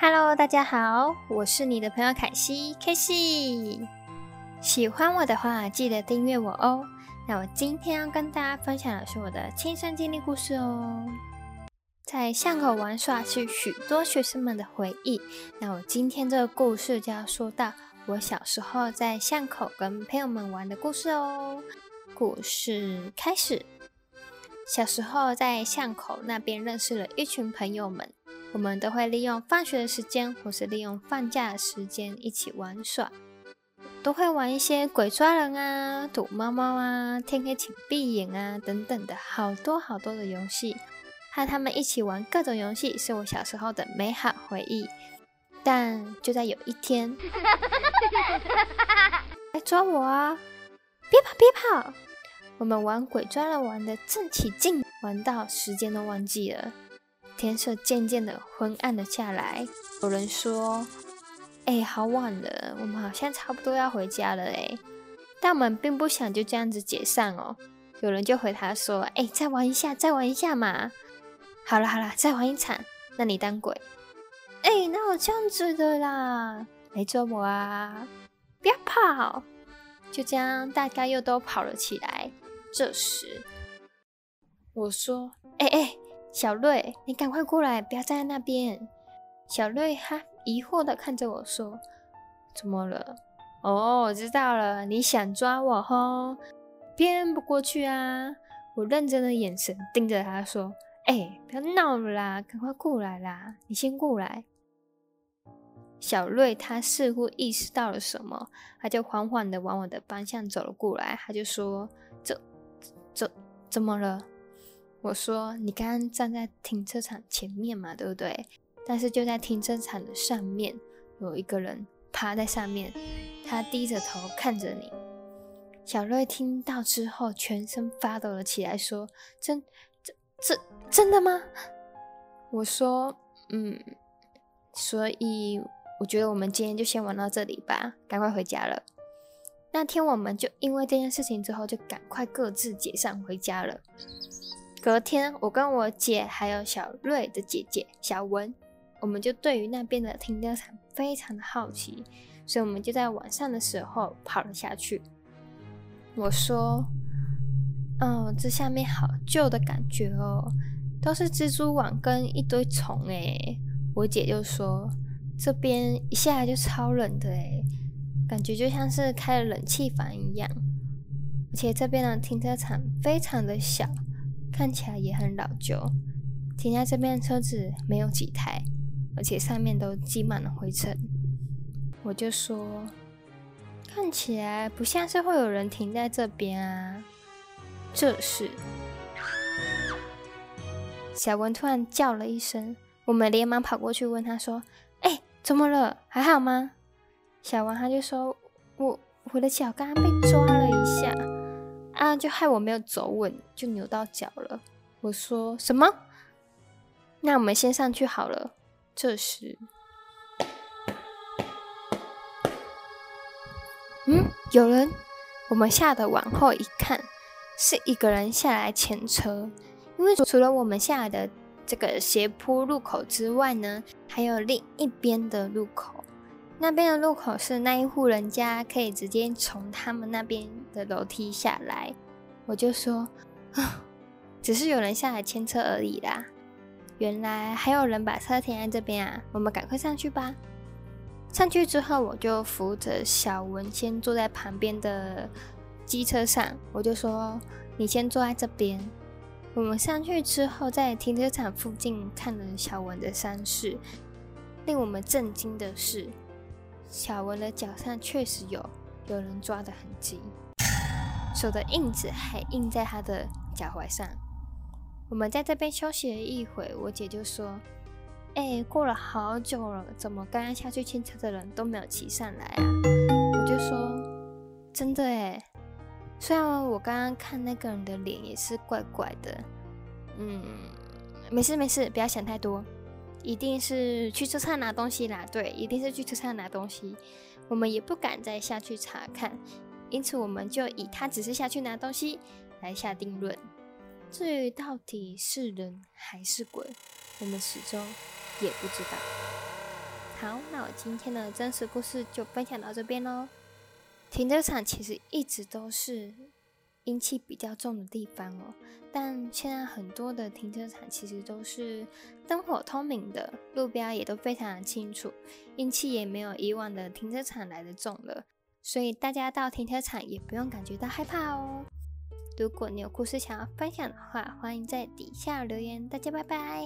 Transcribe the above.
Hello，大家好，我是你的朋友凱西。Casey，喜歡我的話記得訂閱我哦。那我今天要跟大家分享的是我的親身經歷故事哦。在巷口玩耍是許多學生們的回憶。那我今天這個故事就要說到我小時候在巷口跟朋友們玩的故事哦。故事開始，小時候在巷口那邊認識了一群朋友們。我們都會利用放學的時間，或是利用放假的時間一起玩耍，都會玩一些鬼抓人啊、躲貓貓啊、天黑請閉眼啊等等的好多好多的遊戲。和他們一起玩各種遊戲，是我小時候的美好回憶。但就在有一天， 來抓我啊！別跑，別跑！我們玩鬼抓人玩得正起勁，玩到時間都忘記了。天色漸漸的昏暗了下來，有人說：“哎，好晚了，我們好像差不多要回家了哎。”但我們並不想就這樣子解散哦。有人就回他說：“哎，再玩一下，再玩一下嘛。”好了好了，再玩一場。那你當鬼？哎，哪有這樣子的啦，來捉我啊！不要跑！就這樣，大家又都跑了起來。這時我說：“哎哎。”小瑞，你趕快過來，不要站在那邊。小瑞哈，疑惑的看着我說：“怎麼了？”哦，我知道了，你想抓我吼，騙不過去啊！我認真的眼神盯着他說：“哎、欸，不要鬧了啦，趕快過來啦！你先過來。”小瑞他似乎意識到了什麼，他就緩緩的往我的方向走了過來，他就說：“這、這、怎麼了？”我說：“你剛剛站在停車場前面嘛，對不對？但是就在停車場的上面，有一個人趴在上面，他低着頭看着你。”小瑞聽到之後，全身發抖了起來，說：“真、真、真、真的嗎？”我說：“嗯。”所以我覺得我們今天就先玩到這裡吧，趕快回家了。那天我們就因為這件事情之後，就趕快各自解散回家了。隔天，我跟我姐還有小瑞的姐姐小文，我們就對於那邊的停車場非常的好奇，所以我們就在晚上的時候跑了下去。我說：“嗯、哦，這下面好舊的感覺哦，都是蜘蛛網跟一堆蟲。”誒。我姐就說：“這邊一下就超冷的誒、欸，感覺就像是開了冷氣房一樣，而且這邊的停車場非常的小。”看起來也很老舊，停在這邊的車子沒有幾台，而且上面都積滿了灰塵。我就說，看起來不像是會有人停在這邊啊。這時，小文突然叫了一聲，我們連忙跑過去問他說：“哎、欸，怎麼了？還好嗎？”小文他就說：“我我的腳剛剛被抓了一下。”啊！就害我沒有走穩，就扭到腳了。我說什麼？那我們先上去好了。這時，嗯，有人，我們嚇得往後一看，是一個人下來前車。因為除除了我們下來的這個斜坡路口之外呢，還有另一邊的路口。那邊的路口是那一戶人家可以直接從他們那邊的樓梯下來，我就說，只是有人下來牽車而已啦。原來還有人把車停在這邊啊！我們趕快上去吧。上去之後，我就扶着小文先坐在旁邊的機車上，我就說你先坐在這邊。我們上去之後，在停車場附近看了小文的傷勢，令我們震驚的是。小文的腳上確實有有人抓的痕跡，手的印子還印在他的腳踝上。我們在這邊休息了一會，我姐就說：“哎，過了好久了，怎麼剛剛下去牽車的人都沒有騎上來啊？”我就說：“真的哎，雖然我剛剛看那個人的臉也是怪怪的，嗯，沒事沒事，不要想太多。”一定是去車上拿東西啦，對，一定是去車上拿東西。我們也不敢再下去查看，因此我們就以他只是下去拿東西來下定論。至於到底是人還是鬼，我們始終也不知道。好，那我今天的真實故事就分享到這邊囉。停車場其實一直都是，陰氣比較重的地方哦，但現在很多的停車場其實都是燈火通明的，路標也都非常的清楚，陰氣也沒有以往的停車場來的重了，所以大家到停車場也不用感覺到害怕哦。如果你有故事想要分享的話，歡迎在底下留言。大家拜拜。